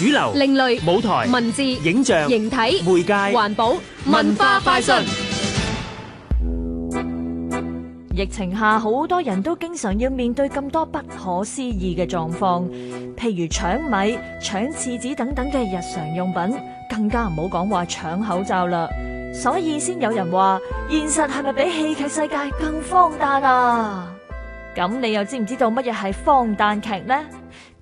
主流、另類舞台、文字、影像、形體、媒介、環保、文化快訊。疫情下，好多人都經常要面對咁多不可思議嘅狀況，譬如搶米、搶廁紙等等嘅日常用品，更加唔好講話搶口罩啦。所以先有人話：現實係咪比戲劇世界更荒誕啊？咁你又知唔知道乜嘢係荒誕劇呢？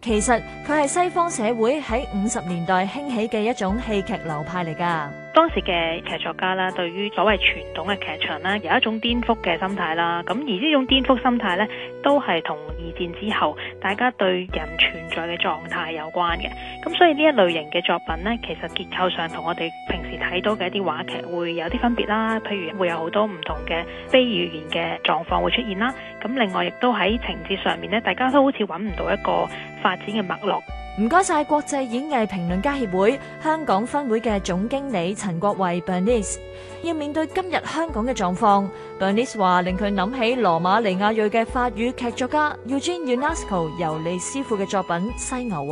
其實佢係西方社會喺五十年代興起嘅一種戲劇流派嚟㗎。當時嘅劇作家啦，對於所謂傳統嘅劇場啦，有一種顛覆嘅心態啦。咁而呢種顛覆心態呢，都係同二戰之後大家對人存在嘅狀態有關嘅。咁所以呢一類型嘅作品呢，其實結構上同我哋平時睇到嘅一啲話劇會有啲分別啦。譬如會有好多唔同嘅非語言嘅狀況會出現啦。咁另外亦都喺情節上面呢，大家都好似揾唔到一個發展嘅脈絡。唔該晒國際演藝評論家協會香港分會嘅總經理陳國慧 Bernice。要面對今日香港嘅狀況，Bernice 話令佢諗起羅馬尼亞裔嘅法語劇作家 Eugène Ionesco 尤利師傅嘅作品《犀牛》。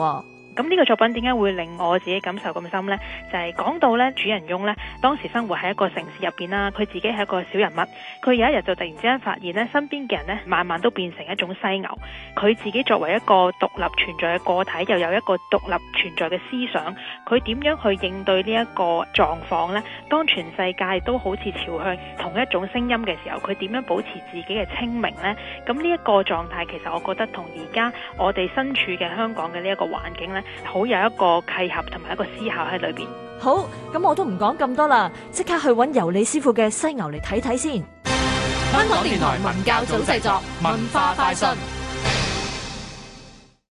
咁呢個作品點解會令我自己感受咁深呢？就係講到咧主人翁呢，當時生活喺一個城市入邊啦，佢自己係一個小人物。佢有一日就突然之間發現呢，身邊嘅人呢，慢慢都變成一種犀牛。佢自己作為一個獨立存在嘅個體，又有一個獨立存在嘅思想。佢點樣去應對呢一個狀況呢？當全世界都好似朝向同一種聲音嘅時候，佢點樣保持自己嘅清明呢？咁呢一個狀態其實我覺得同而家我哋身處嘅香港嘅呢一個環境呢，好有一個契合同埋一個思考喺裏邊。好，咁我都唔講咁多啦，即刻去揾尤里師傅嘅犀牛嚟睇睇先。香港電台文教組製作，文化快訊。